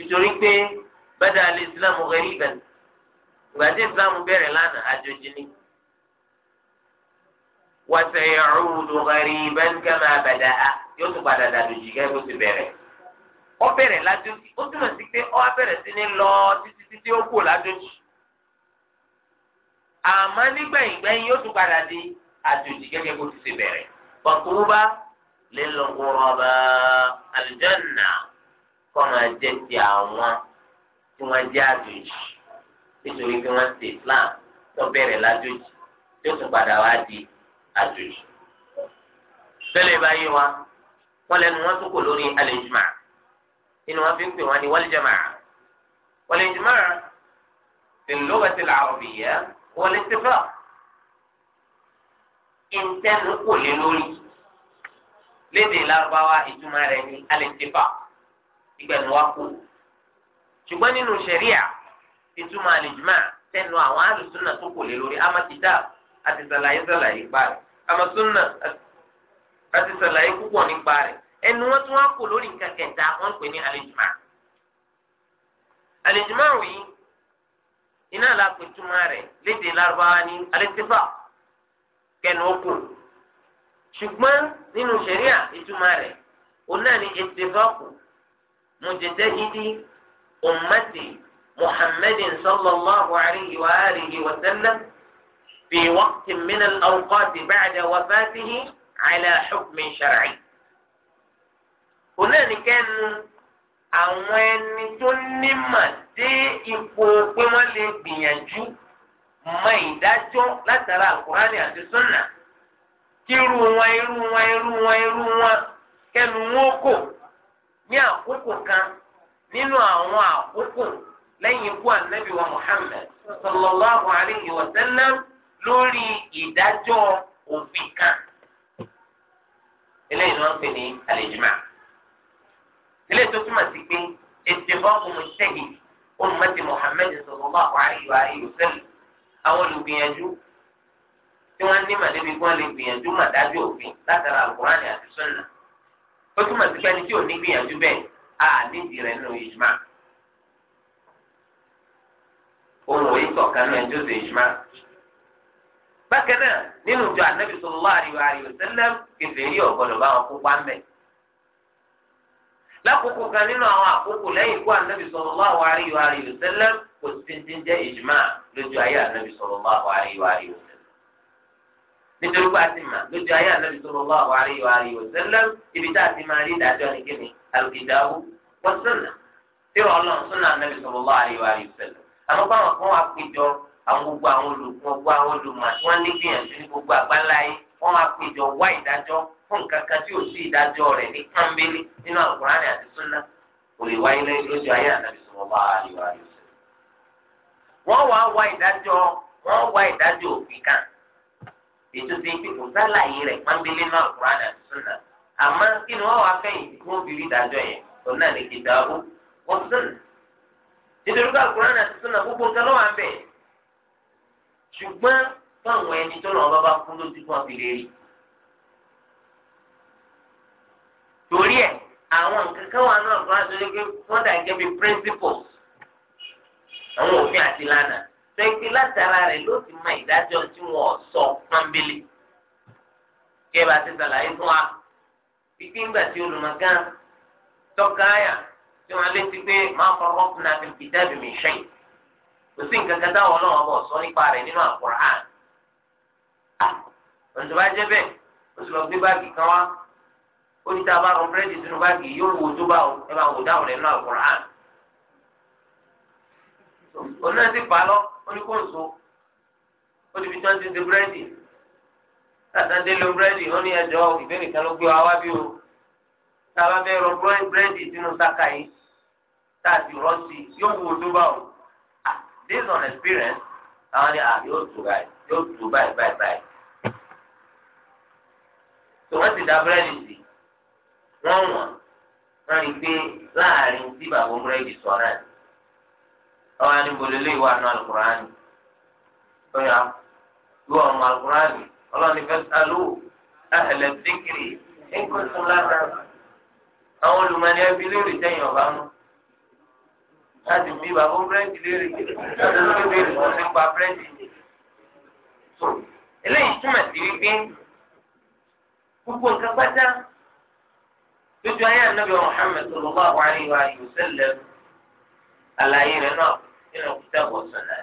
nítorí pé bẹ́ẹ̀ alẹ́ islam rẹ̀ ibẹ̀ ìgbà tí islam bẹ̀rẹ̀ lánàá àjòjì ni wàtẹ̀yẹ̀rúdù ghariban kama bada'a yóò tún padà dàdùjì gẹ́gẹ́ bó ti bẹ̀rẹ̀ ó bẹ̀rẹ̀ ládùjì ó túmọ̀ sí pé ó bẹ̀rẹ̀ sí ní lọ títí títí ó kù ládùjì àmọ́ nígbẹ̀yìngbẹ̀yìn yóò tún padà di àjòjì gẹ́gẹ́ ti bẹ̀rẹ̀. Bàkúrúbá kọ́ máa jẹ́ ti àwọn tí wọ́n jẹ́ àjòjì nítorí pé wọ́n ti Islam tó bẹ̀rẹ̀ lájòjì tí ó tún padà wá di àjòjì. tẹ́lẹ̀ báyìí wa wọ́n lẹ́nu wọn tún kò lórí alẹ́jùmọ̀ inú wọn fi ń pè wọ́n ní wọ́lẹ́jọ̀mọ̀ wọ́lẹ́jọ̀mọ̀ fi làwọn yẹ wọ́n ti fọ́ ìtẹ́nu lé lórí lédè lárúbáwá ìtumọ̀ rẹ̀ ní alẹ́jùmọ̀ ìgbà ìmú wa kú ṣùgbọ́n nínú ṣẹ̀ríà ìtumọ̀ àlejò tẹnu àwọn alùsùnà tó kò lè lórí amatidá àti sàlàyé sàlàyé pa rẹ̀ amasùnà àti sàlàyé púpọ̀ nípa rẹ̀ ẹnu wọn tún wá kò lórí nǹkan kẹta wọn pè ní àlejò àlejò wọ̀nyí iná làpẹ̀tùmọ̀ rẹ̀ lédè lárúbáwá ní alẹ́tífà kẹnu okùn ṣùgbọ́n nínú ṣẹ̀ríà ìtumọ̀ rẹ̀ òun náà ní ètèfà kù. مجتهد أمتي محمد صلى الله عليه وآله وسلم في وقت من الأوقات بعد وفاته على حكم شرعي هناك كان àwọn ẹni tó nímọ̀ dé ipò pé wọ́n lè gbìyànjú mọ ìdájọ́ látara àkùránì àti súnà kírú wọn irú wọn irú wọn irú wọn kẹnu wọn kò ní àkókò kan nínú àwọn àkókò lẹ́yìn ikú ànábì wa Muhammad sallallahu alayhi wa sallam lórí ìdájọ́ òfin kan eléyìí ni wọ́n pè ní al-ijma' eléyìí tó túmọ̀ sí pé ittifaq mujtahid ummati Muhammad sallallahu alayhi wa alihi wa sallam àwọn olùgbìyànjú tí wọ́n ní màdébí kí wọ́n lè gbìyànjú màdájọ́ òfin látara al àti Sunnah. ó túmọ̀ sí kẹ́ni tí ò ní gbìyànjú bẹ́ẹ̀ á nídìí rẹ̀ nínú ìjùmá ohun òye sọ̀kan náà ẹjọ́ sí ìjùmá. bákan náà nínú ìjọ ànábì sallallahu alaihi wa sallam kẹfẹ́ yìí ọ̀gbọ́dọ̀ bá wọn kópa ń bẹ̀. lákòókò kan nínú àwọn àkókò lẹ́yìn ikú ànábì kò sí ti ń jẹ́ nítorí pé a ti mà lójú ayé ànábi sallallahu alaihi wa alihi wa sallam ibi tá a ti máa rí ìdájọ́ ni kí ni al-kitabu wa sunnah tíra ọlọ́run súnà ànábi sallallahu alaihi wa alihi wa sallam àmọ́ báwọn kan wá péjọ àwọn gbogbo àwọn olùkọ́ àwọn olùmọ̀ tí wọ́n ní gbìyànjú ní gbogbo àgbáláyé wọ́n wá péjọ wá ìdájọ́ fún nǹkan kan tí ò sí ètò ti pé kò sálàyé rẹ̀ pọ́nbélé náà kúránà sunna àmọ́ kí ni wọ́n wá fẹ̀yìntì kí wọ́n fi rí ìdájọ́ yẹn òun náà lè kéde ààbò wọ́n sunna nítorí pé àkùránà sunna gbogbo nǹkan ló wà ń bẹ̀ ṣùgbọ́n fáwọn ẹni tó lọ́wọ́ bá kú lójú kí wọ́n fi torí ẹ̀ àwọn nǹkan kan wà náà kúránà tó wọ́n dà gẹ́gẹ́ bí principles àwọn òfin àti lánàá sẹ́kì látara rẹ̀ ló ti mọ ìdájọ́ tí wọ́n sọ pọ́nbélé. kí ẹ bá ti sàlàyé fún wa pípín ìgbà tí olùmọ̀gán tọ́ka àyà tí wọ́n létí pé máa kọ́ rọ́pùnà fi kìtàbí mi ṣẹ́yìn. kò sí nǹkan kan táwọn ọlọ́wọ́n bọ̀ sọ nípa rẹ̀ nínú Al-Qur'an. ọ̀nùtàbá jẹ́ bẹ́ẹ̀ ó sì lọ gbé báàgì kan wá ó ní tá bá rọ búrẹ́dì sínú báàgì yóò wo tó bá ẹ bá wò dáhùn rẹ̀ nínú Al-Qur'an. ti fà lọ oníkóòsó ó ti fi tí wọ́n ti di búrẹ́dì tàtàndé lo búrẹ́dì ó ní ẹ̀jọ́ ìbéèrè kan ló gbé wa wá bí o tá a bá fẹ́ rọ búrẹ́dì sínú sáka yìí tá a ti rọ́ sí i yóò wo tó bá o ah based on experience àwọn ni ah yóò tó báyìí yóò tó báyìí báyìí báyìí tó wọ́n ti da búrẹ́dì sí wọ́n wọ̀n wọ́n rí i pé láàrin tí bàbá búrẹ́dì sọ náà àwọn àníbọ̀lẹ̀ lè wà nù alukurani ọ̀yà yóò àwọn alukurani ọlọ́ni fẹ́ alú ahẹ̀lẹ̀ díkìrì ẹ̀kọ́ tó lára àwọn olùmọ̀ni ẹbí lórí sẹ́yìn ọ̀bá mú láti bí bàbá búrẹ́dì lórí ọdún tó bèrè wọn ti pa búrẹ́dì. eléyìí túmọ̀ sí wípé gbogbo nǹkan pátá lójú ayé ànábì Muhammad sallallahu alaihi wa sallam àlàyé rẹ̀ náà nínú kìtàbù ọ̀sánà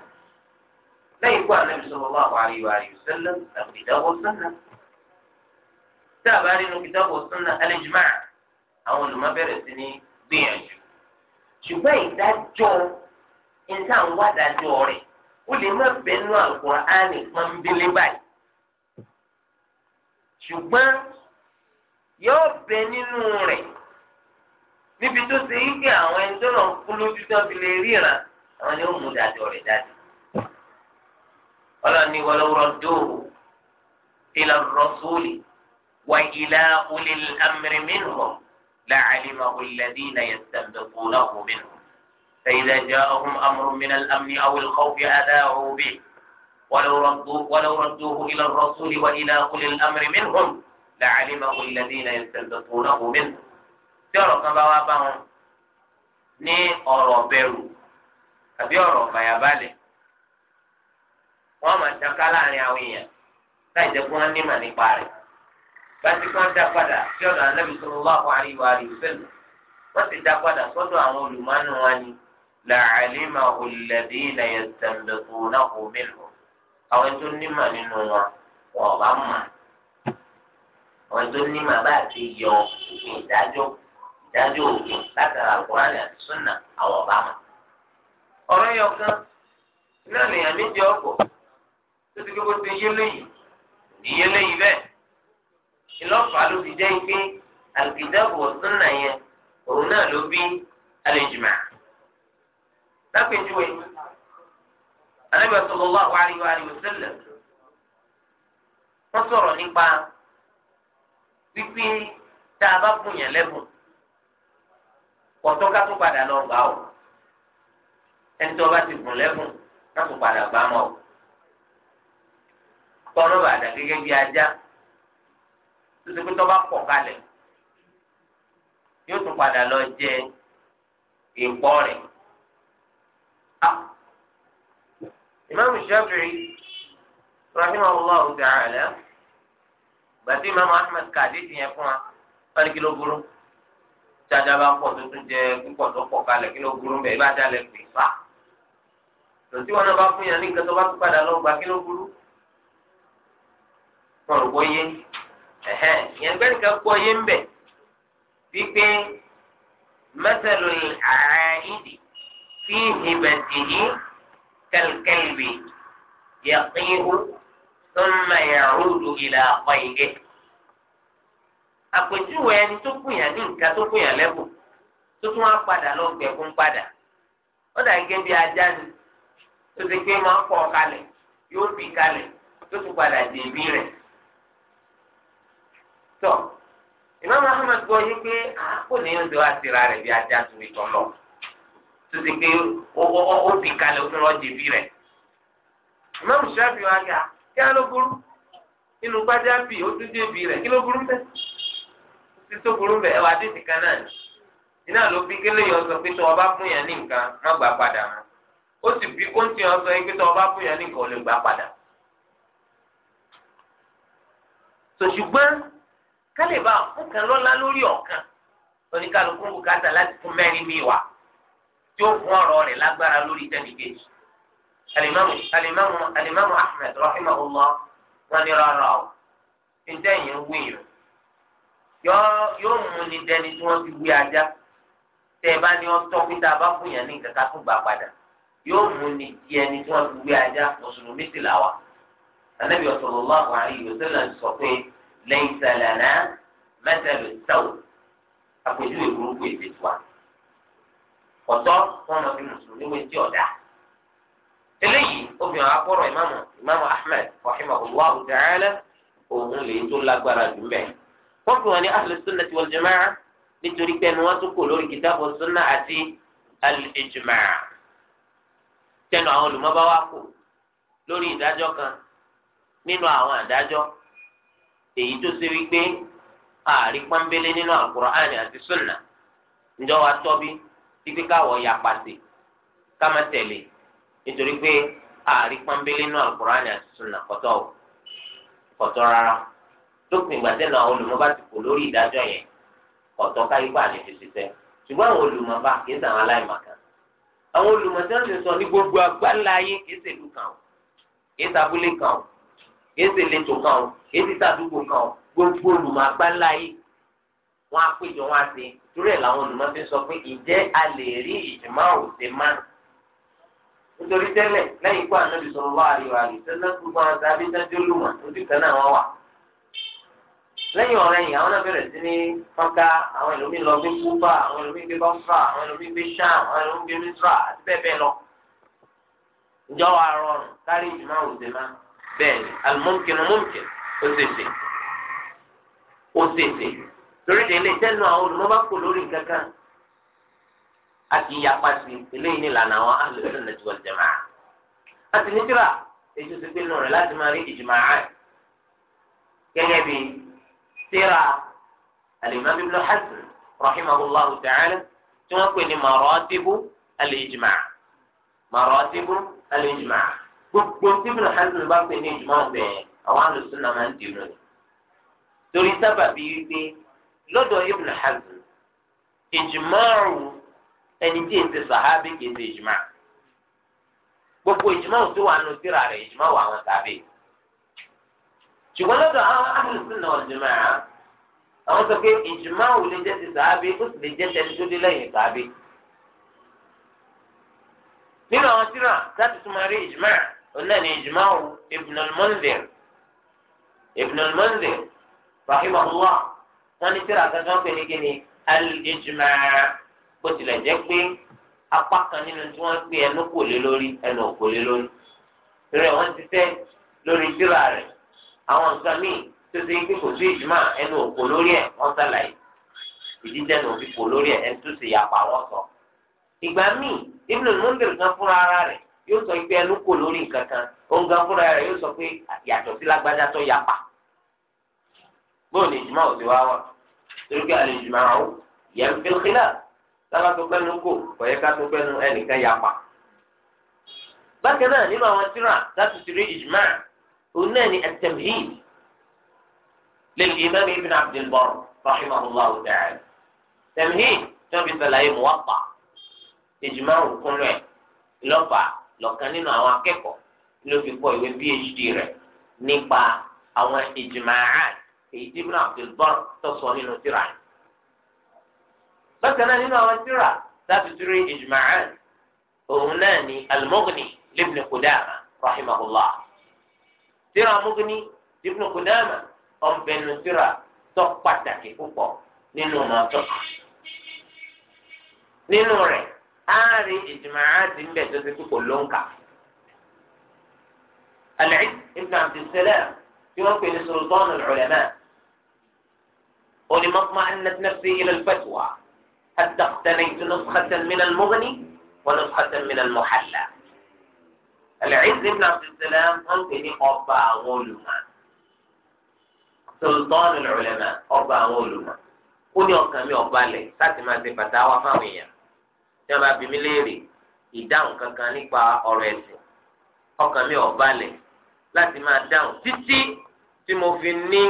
lẹ́yìn ikú ànábì sallallahu alaihi wa sallam tàbí kìtàbù ọ̀sánà tá a bá rí inú kìtàbù ọ̀sánà alẹ́jùmá àwọn olùmọ̀ bẹ̀rẹ̀ sí ní gbìyànjú ṣùgbọ́n ìdájọ́ ìta ń wá dájọ́ rẹ̀ ó lè má bẹnu Al-Qur'ani pọ́nbélé báyìí ṣùgbọ́n yóò bẹ nínú rẹ̀ níbi tó ṣe yí pé àwọn ẹni tó lọ kú lójú tó fi lè ríran àwọn ni ó mú dájọ́ rẹ̀ jáde ọlọ́ni wọlé rọ́dúró ilà rọ́súlì wà ilà olè amẹrẹ mìíràn làálìmà olèdí nà yẹ sàmbẹ̀kú náà kò mìíràn. فإذا جاءهم أمر من الأمن أو الخوف أذاعوا به ولو ردوه, ولو ردوه إلى الرسول وإلى أولي الأمر منهم لعلمه الذين يستنبطونه منه. ترى كما وابهم ني أورو àbí ọ̀rọ̀ fàyàbalẹ̀ wọ́n máa ṣaká láàrin àwọn èèyàn láì jẹ́ kí wọ́n ní mà nípa rẹ̀ bàtí kan dá padà sí ọ̀dọ̀ anábì sallallahu alaihi wa alihi wasallam wọ́n ti dá padà sọ́dọ̀ àwọn olùmọ́nù wọn ni la'alimahu alladhina yastanbitunahu minhum àwọn tó nímà nínú wọn wọn bá mà àwọn tó nímà bá ti yọ ìdájọ́ ìdájọ́ òfin látara al àti ọ̀rọ̀ yẹn ọ̀kan náà nìyẹn méjì ọkọ̀ tó ti gbogbo ti yé léyìí ìyé léyìí bẹ́ẹ̀ ìlọ́fà ló ti jẹ́ pé al-kitabu yẹn òun náà ló bí al-ijma' lápẹjúwe Ànábì wọ́n sọ̀rọ̀ nípa pípín a bá fún yẹn lẹ́bùn ẹni tí wọ́n bá ti gùn lẹ́gùn náà tún padà bá mọ́ ọ. kọ́nà bàdà gẹ́gẹ́ bí ajá tó ti pé tó bá pọ̀ kalẹ̀ yóò tún padà lọ jẹ ìpọ́ rẹ̀. Ah! ìmáàmù Shafi'i rahimahullah ta'ala gbàtí ìmáàmù Ahmad kàdé ti yẹn fún wa wọ́n ní kí ló burú tí ajá bá pọ̀ tó tún jẹ púpọ̀ tó pọ̀ kalẹ̀ kí ló burú bẹ́ẹ̀ bá jalè pè fà tòtí wọn náà bá fún yàn ní nǹkan tó bá tún padà lọ gbà kí ló burú wọn ò gbọ́yé ẹ̀hẹ́n yẹn gbẹ́ nìkan gbọ́yé ń bẹ̀ wípé mẹ́tẹ̀lù àìdì fi hìbẹ̀tìhì kẹlkẹlbì yẹ̀kíhu sọ́nà yàrúdù ìlà àpáyé. àpèjúwe ẹni tó gbìyàn ní nǹkan tó gbìyàn lẹ́bùn tó tún wá padà lọ gbẹ̀kún padà ó dà gẹ́gẹ́ bí ajá ni tó ti pé máa ń kọ́ kalẹ̀ yóò bì kalẹ̀ tó tún padà dé ibi rẹ̀. tọ́ Imam Ahmad gbọ́ yí pé kò ní oúnjẹ wá síra rẹ̀ bí ajá tó ìtọ́ lọ tó ti pé ó bì kalẹ̀ ó tún lọ́ọ́ dé ibi rẹ̀. Imam Shafi'i wá gà kí á ló burú nínú gbájá bì ó tún dé ibi rẹ̀ kí ló burú bẹ́ẹ̀ tí tó burú bẹ́ẹ̀ wà á dé ti kan náà iná ló fi kélé yọ sọ pé tó ọba fún yẹn ní nǹkan má gbà padà mọ́ ó sì bí kóńtì hàn sọ pé tó o bá fún yẹn ní nǹkan ò lè gbà padà. sòṣùgbọ́n kálíbà fún kan lọ́lá lórí ọ̀kan oníkàlùkù ń bùkátà láti fún mẹ́rin mi wá tí ó fún ọ̀rọ̀ rẹ̀ lágbára lórí tẹ́nìkejì. alimamu alimamu alimamu ahmed rahimahullah wọn ni rárá o ǹjẹ́ yẹn wíyàn yóò mú ni dẹni tí wọ́n ti wí ajá tẹ́ ẹ bá ní ọ́ tọ́ pé tá a bá fún yẹn ní nǹkan ká tún gbà padà. yóò mú ni ti ẹni tí wọ́n fi gbé ajá mùsùlùmí sì là wà. Ànábì sallallahu alayhi wa sallam sọ pé laysa lana mathalu saw àpèjúwe burúkú èdè tiwa. Ọ̀tọ́ wọn lọ mùsùlùmí ọ̀dà. Eléyìí obìnrin ìmáàmù ìmáàmù Ahmed rahimahullahu ta'ala òun lè tó lágbára jù mẹ́. Wọ́n fi wọn ní tẹnu àwọn olùmọ́bá wa kò lórí ìdájọ́ kan nínú àwọn àdájọ́ èyí tó ṣe wípé ààrí pọ́nbélé nínú àkùránì àti súnà ǹjọ́ wa tọ́bí títí káwọ̀ ya pàṣẹ ká má tẹ̀lé nítorí pé ààrí pọ́nbélé nínú àkùránì àti súnà kọ̀tọ́ o kọ̀tọ́ rárá lópin ìgbà tẹ́nu àwọn ti kò lórí ìdájọ́ yẹn kọ̀tọ́ káyípa àlejò ṣiṣẹ́ ṣùgbọ́n àwọn kì í àwọn olùmọ̀tẹ́ǹsì sọ ní gbogbo agbáńlá ayé kìí ṣèlú kan o kìí ṣàbúlé kan o kìí ṣèletò kan o kìí ṣàdúgbò kan o gbogbo olùmọ̀ agbáńlá ayé wọn á péjọ wọn á ṣe torí ẹ̀ làwọn olùmọ̀tẹ́ǹsì sọ pé ìjẹ́ a lè rí ìjìmá òṣè má nítorí tẹ́lẹ̀ lẹ́yìn ikú ànábì sọ̀rọ̀ wá àríwá àríwá tẹ́lẹ̀ gbogbo àwọn sábẹ́ dájọ́ lùmọ̀ níbi kan náà wọ́n wà lẹ́yìn ọ̀rẹ́ yìí àwọn náà bẹ̀rẹ̀ sí ní fọ́nká àwọn ẹlòmíì lọ gbé kúbà àwọn ẹlòmíì gbé bọ́fà àwọn ẹlòmíì gbé sham àwọn ẹlòmíì gbé misra àti bẹ́ẹ̀ bẹ́ẹ̀ lọ. ǹjọ́ wa rọrùn kárí ìjùmọ̀ òde má bẹ́ẹ̀ ni alimọ́nkìnnì mọ́nkìn ó tètè ó tètè torí délé tẹ́nu àwọn olùmọ́ bá kó lórí nǹkan kan a sí eléyìí ní ìlànà àwọn alùpùpù nàìjíríà síra alimami ibn Hazm rahimahullahu ta'ala tí wọ́n pè ní maratibu al-ijma' maratibu al-ijma' gbogbo tí ibn Hazm bá pè ní ijma ọ̀bẹ àwọn alùsùnà máa ń dìrò ní. torí sábàbí wípé lọ́dọ̀ ibn ṣùgbọ́n lọ́dọ̀ àwọn ahlu sunnah wal jamaa àwọn sọ pé ìjùmọ̀ ò lè jẹ́ ti sàábì ó sì lè jẹ́ tẹni tó dé lẹ́yìn sàábì. nínú àwọn tíra láti túmọ̀ rí ìjùmọ̀ ọ̀nà ni ìjùmọ̀ ibn al-Mundhir ibn al-Mundhir rahimahullah wọn ní tíra kankan pé ní kíni al bó tilẹ̀ jẹ́ pé apá kan nínú tí wọ́n gbé ẹnu kò lé lórí ẹnu kò lé lórí rẹ̀ wọ́n ti tẹ́ lórí tíra rẹ̀ àwọn nǹkan míì tó ṣe pé kò sí ìjùmọ̀ ẹnu òkò lórí ẹ̀ wọ́n ṣàlàyé ìdí tẹnu òfin kò lórí ẹ̀ ẹni tó ṣe yàpá wọn sọ. ìgbà míì Ibn al-Mundhir kan fúnra ara rẹ̀ yóò sọ pé ẹnu kò lórí nǹkan kan òun gan fúnra rẹ̀ yóò sọ pé yàtọ̀ sí lágbájá tó yàpá. bóun ni ìjùmọ̀ òsì wá wà torí pé àlè ìjùmọ̀ àwọn yẹn fi xilá sábà tó pẹ́nu kò kọ̀yẹ́ ká tó pẹ́nu ẹnìkan yàpá. bákan náà nínú àwọn tíra láti ti rí ìjùmọ̀ هناني التمهيد للإمام ابن عبد البر رحمه الله تعالى تمهيد تبي تلاقي موقع إجماع كل واحد لفا لو كان هنا واقف لو في كوي بي إتش دي ره نبا أو إجماعات ابن عبد البر تصوره نتيرة بس أنا هنا وتيرة تبي تري إجماعات هناني المغني لابن قدامة رحمه الله tíra mugni ibnu kunama kudama ọ̀nbẹ̀nu tíra tó pàtàkì púpọ̀ nínú mọ́tò nínú rẹ̀ áàrí ìjùmọ̀ àti ń bẹ̀ tó ti kúkò ló ń kà. Al-Izz ibn Abdissalam tí wọ́n pè ní Sultan al-Ulama. قل ما اطمأنت نفسي إلى الفتوى حتى اقتنيت نسخة من المغني ونسخة من muhalla. Al-Izz ibn Abdussalam wọ́n pè ní ọba àwọn olùmọ̀ Sultanul Ulama ọba àwọn olùmọ̀ ó ní ọkàn mi ọba lẹ̀ láti máa ṣe bàtà wá fáwọn èèyàn tí wọ́n bá bi mí léèrè ìdáhùn kankan nípa ọ̀rọ̀ ẹ̀sìn ọkàn mi ọba lẹ̀ láti máa dáhùn títí tí mo fi ní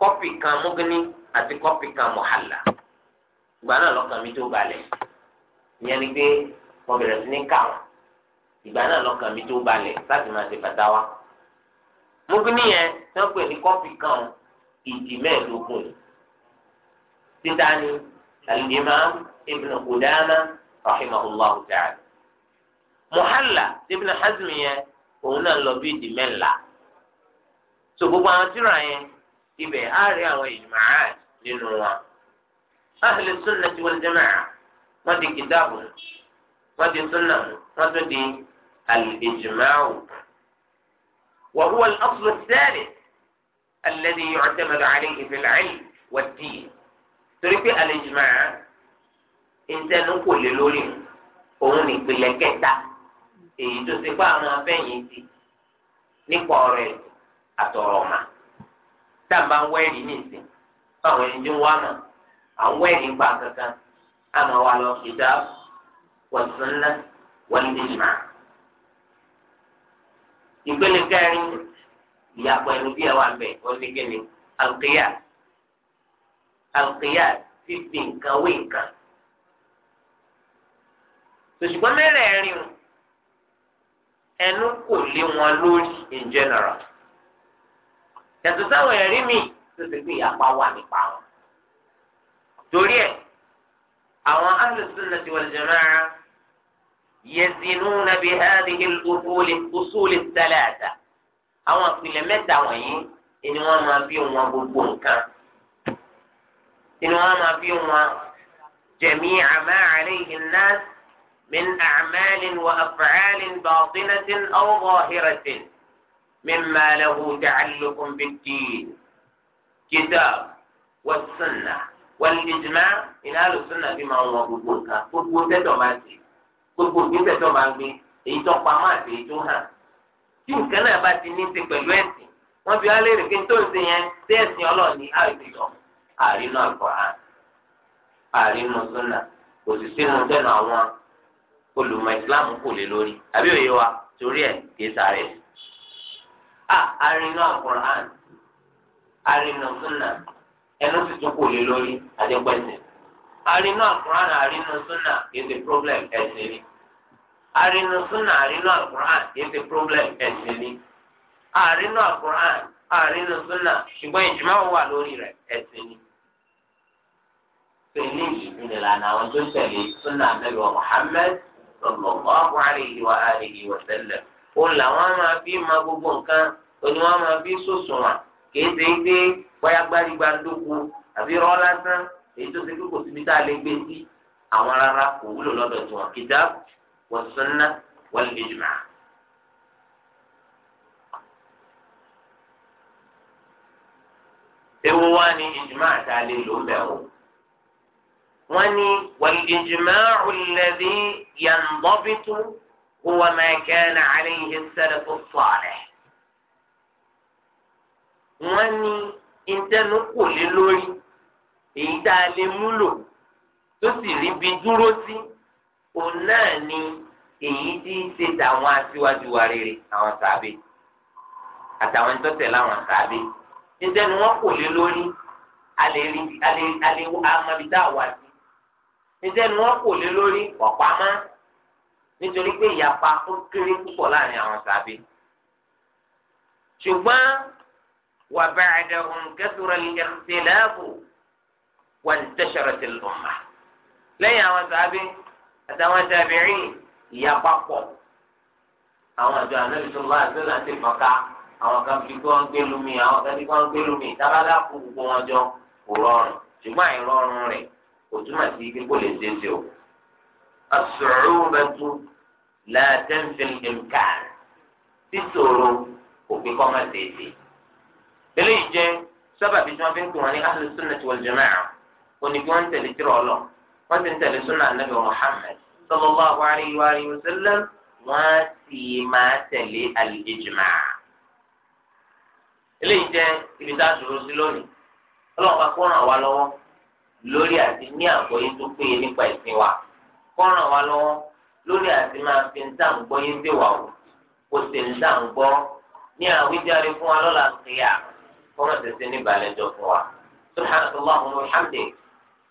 kọ́pì kan mọ́gínní àti kọ́pì kan mọ̀hálà ìgbà náà lọ́kàn mi tó balẹ̀ ìyẹn ni pé mo bẹ̀rẹ̀ sí ní kà ìgbà náà lọ́kàn mi tó balẹ̀ láti máa ṣe fàtáwà mo fi níyẹn tí wọ́n pè ní kọ́fì kan ìdí mẹ́ẹ̀ẹ́dógún títa ni al-Imam Ibn Qudama rahimahullahu ta'ala muhalla Ibn Hazm yẹn òun náà lọ bí ìdí mẹ́ẹ̀ẹ́la so gbogbo àwọn tíra yẹn ibẹ̀ á rí àwọn ijma'at nínú wọn ahlu sunnati wal jama'a wọ́n di kìtàbù wọ́n di sunna wọ́n tún di الإجماع وهو الأصل الثالث الذي يعتمد عليه في العلم والدين تريد الإجماع أنت نقول للولي òun nìpìlẹ̀ kẹta èyí tó ti pa àwọn afẹ́yìntì nípa ọ̀rọ̀ ẹ̀ àtọ̀rọ̀ ọ̀mà tá a bá ń wẹ́ẹ̀rì nìsín fáwọn ẹni tí ń wá mà à ń wẹ́ẹ̀rì pa kankan àmọ́ wa lọ ìdá wọ̀sánná wọ́n ní ìjìmá ìpele kẹrin ìyàpọ̀ ẹnu bí ẹ wà bẹ̀ oníkẹ́ni alqiyas alqiyas fífi nǹkan wé nǹkan. sòṣùgbọ́n mẹ́rẹ̀ẹ̀rin ẹnu kò lé wọn lórí in general. yàtọ̀ sáwọn ẹ̀rí mi tó ti pé ìyàpá wà nípa wọn. torí ẹ̀ àwọn ahlus sunnati wal jamaa'ah. يزنون بهذه الأصول الأصول الثلاثة أو في mẹ́ta وين إنما wọ́n máa fi wọn gbogbo nǹkan ni جميع ما عليه الناس من أعمال وأفعال باطنة أو ظاهرة مما له تعلق بالدين كتاب والسنة والإجماع إن أهل السنة بما هو gbogbo nǹkan gbogbo gbogbo ìgbésẹ̀ tó máa gbé èyí tó pamọ́ àti èyí tó hàn tí nǹkan náà bá ti ní ti pẹ̀lú ẹ̀sìn wọ́n fi alẹ́ rìn kí n yẹn sí ẹ̀sìn ọlọ́ọ̀ni àìsílọ àrínú àkọ́hán àrínú súnà kò sì sínú àwọn olùmọ̀ ìsìláàmù kò lè lórí àbí òye arinu alukur'an arinu suna is a problem ẹ̀sìn ni arinu suna arinu alukur'an is a problem ẹ̀sìn ni arinu alukur'an arinu suna ṣùgbọ́n ìjùmọ̀ wà lórí rẹ ẹ̀sìn ni pẹ̀lú ìdílé lànà àwọn tó ń tẹ̀lé sunna nabi wa wa wa gbogbo nǹkan òní wọn máa fi kì í ṣe é gbé àbí èyí tó ṣe pé kò síbi tá a lè gbé sí àwọn rárá kò wúlò lọ́dọ̀ tí wọn kitab wa sunna wal ijma. ewu wa ni ijma tá a lè lò mẹ́ wọ́n ní wal ijma'u alladhi yandabitu huwa ma kana alayhi as-salafu as-salih. wọ́n ní ìtẹnukò lé lórí èyí tá a lè múlò tó sì rí bí dúró sí òun náà ni èyí tí ń ṣe tàwọn aṣíwájú wa rere àwọn sàbẹ àtàwọn ẹni tó tẹ̀ láwọn sàbẹ níṣẹ́ ni wọ́n kò lé lórí alẹ́ amabidá wà sí níṣẹ́ ni wọ́n kò lé lórí ọ̀pámá nítorí pé ìyapa ó kéré púpọ̀ láàrin àwọn sàbẹ ṣùgbọ́n wàbẹ̀rẹ̀ dẹ̀hùn kẹsùrẹ̀ lẹ́sẹ̀ lẹ́bù wantasharat al-umma lẹ́yìn àwọn sàábí àtàwọn tàbíìn ìyapa pọ̀ àwọn àjọ ànábì sallallahu alaihi wasallam àti ìfọ̀ká àwọn kan fi kí wọ́n gbé lumi àwọn kan fi kí wọ́n gbé lumi tábàlá kú gbogbo wọn jọ kò rọrùn ṣùgbọ́n àìrọrùn rẹ̀ kò túmọ̀ sí kí kò lè ṣe é ṣe o. as-su'ubatu la tanfi al-imkan sísòro kò pé kọ́ máa ṣe é ṣe. eléyìí jẹ́ sábàbí tí wọ́n fi ń pè wọ́n ní ahlus sunnah wal jama'ah òní kí wọ́n tẹ̀lé tìrọ̀ ọlọ́ wọ́n ti ń tẹ̀lé súnà ànábì Muhammad sallallahu alaihi wa alihi wasallam wọ́n sì máa tẹ̀lé al-ijma. eléyìí jẹ́ ibi tá a dúró sí lónìí ọlọ́run bá kó ràn wá lọ́wọ́ lórí àti ní àgbọ́yé tó péye nípa ìsìn wa kó ràn wá lọ́wọ́ lórí àti máa fi ń dá àgbọ́yé ń dè wà wò sì ń dá àgbọ́ ní àwíjàre fún wa lọ́la kìíyà kó tẹ̀sí ní ìbàlẹ́jọ fún wa. subhanahu wa ta'ala